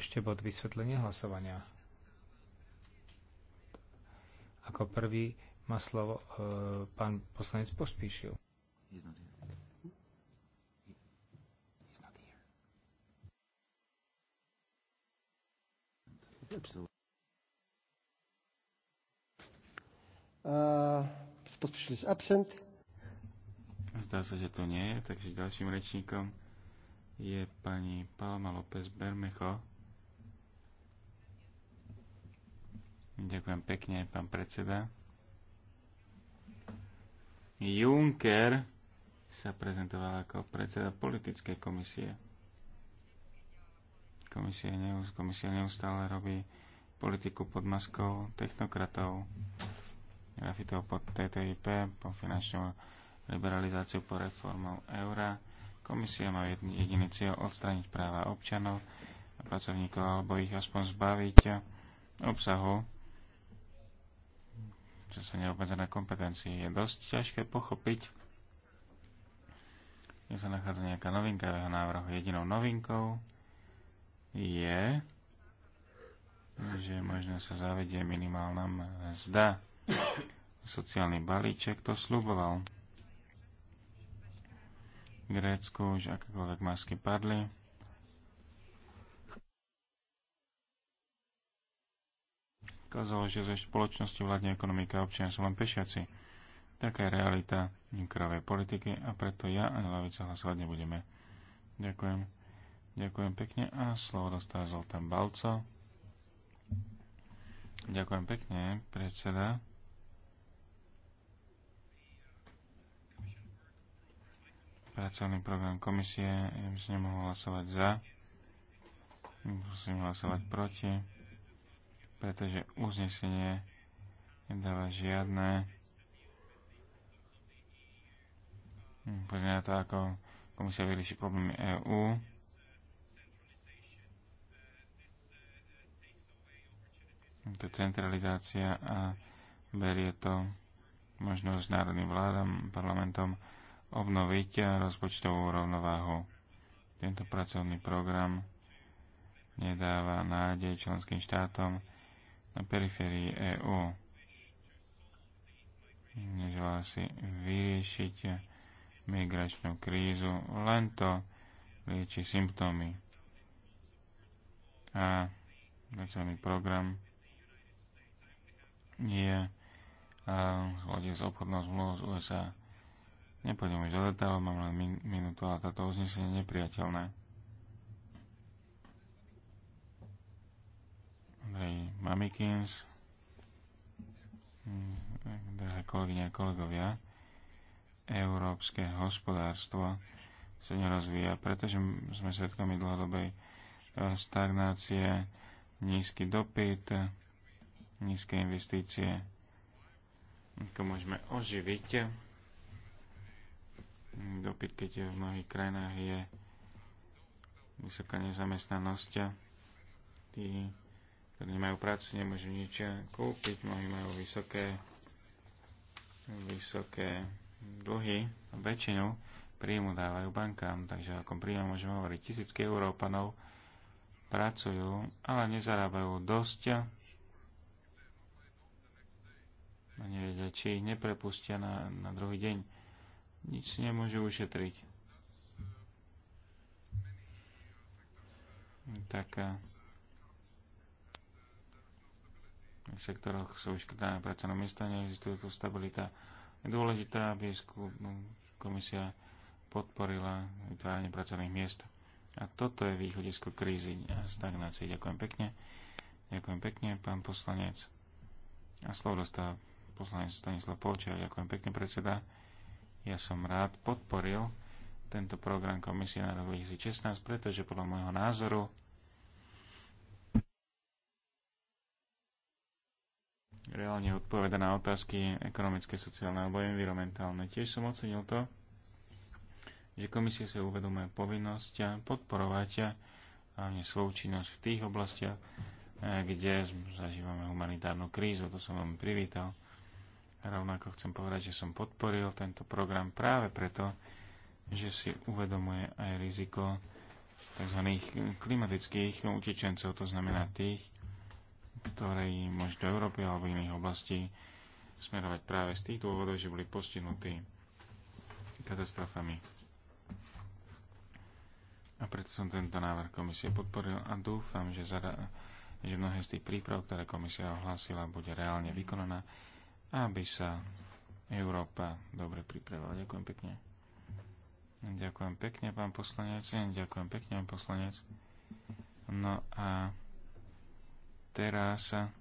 Ešte bod vysvetlenie hlasovania. Ako prvý má slovo e, pán poslanec Pospíšil. Uh, Pospíšil absent. Zdá sa, že to nie je, takže ďalším rečníkom je pani Palma López Bermecho Ďakujem pekne, pán predseda. Juncker sa prezentoval ako predseda politickej komisie. Komisia, neust- komisia neustále robí politiku pod maskou technokratov. Rafitov pod TTIP, po finančnú liberalizáciu, po reformu eura. Komisia má jediný cieľ odstrániť práva občanov a pracovníkov alebo ich aspoň zbaviť obsahu čo sú neobmedzené kompetencie. Je dosť ťažké pochopiť, kde sa nachádza nejaká novinka jeho návrhu. Jedinou novinkou je, že možno sa zavedie minimálna mzda. Sociálny balíček to sluboval. Grécku už akékoľvek masky padli Kázalo, že ze spoločnosti vládne ekonomika a občania sú len pešiaci. Taká je realita nikravej politiky a preto ja ani lavica hlasovať nebudeme. Ďakujem. Ďakujem pekne a slovo dostáva Zoltán Balco. Ďakujem pekne, predseda. Pracovný program komisie, ja by som nemohol hlasovať za, musím hlasovať proti pretože uznesenie nedáva žiadne pozrieme na to, ako komisia vyrieši problémy EÚ. To centralizácia a berie to možnosť národným vládam, parlamentom obnoviť rozpočtovú rovnováhu. Tento pracovný program nedáva nádej členským štátom, na periférii EÚ. Neželá si vyriešiť migračnú krízu, len to lieči symptómy. A pracovný program je hľadie s obchodnou zmluvou z USA. Nepôjdem už do detaľov, mám len min minútu, ale táto uznesenie je nepriateľné. hej, Mamikins, mm, drahé kolegyne a kolegovia, európske hospodárstvo sa nerozvíja, pretože sme svetkami dlhodobej e, stagnácie, nízky dopyt, nízke investície. Ako môžeme oživiť dopyt, keď v mnohých krajinách je vysoká nezamestnanosť. Tí ktorí nemajú prácu, nemôžu nič kúpiť, mnohí majú vysoké, vysoké dlhy, väčšinu príjmu dávajú bankám, takže ako príjem môžeme hovoriť, tisícky Európanov pracujú, ale nezarábajú dosť a nevedia, či ich neprepustia na, na druhý deň. Nič si nemôžu ušetriť. Tak sektoroch sú vyškrtané pracovné miesta, neexistuje tu stabilita. Je dôležité, aby no, komisia podporila vytváranie pracovných miest. A toto je východisko krízy a stagnácie. Ďakujem pekne. Ďakujem pekne, pán poslanec. A slovo dostáva poslanec Stanislav Polčia. Ďakujem pekne, predseda. Ja som rád podporil tento program komisie na 2016, pretože podľa môjho názoru reálne odpoveda na otázky ekonomické, sociálne alebo environmentálne. Tiež som ocenil to, že komisia sa uvedomuje povinnosť podporovať hlavne svoju činnosť v tých oblastiach, eh, kde zažívame humanitárnu krízu. To som veľmi privítal. Rovnako chcem povedať, že som podporil tento program práve preto, že si uvedomuje aj riziko tzv. klimatických utečencov, to znamená tých, ktorí môžu do Európy alebo iných oblastí smerovať práve z tých dôvodov, že boli postihnutí katastrofami. A preto som tento návrh komisie podporil a dúfam, že, zara, že mnohé z tých príprav, ktoré komisia ohlásila, bude reálne vykonaná, aby sa Európa dobre pripravila. Ďakujem pekne. Ďakujem pekne, pán poslanec. Ďakujem pekne, pán poslanec. No a teraz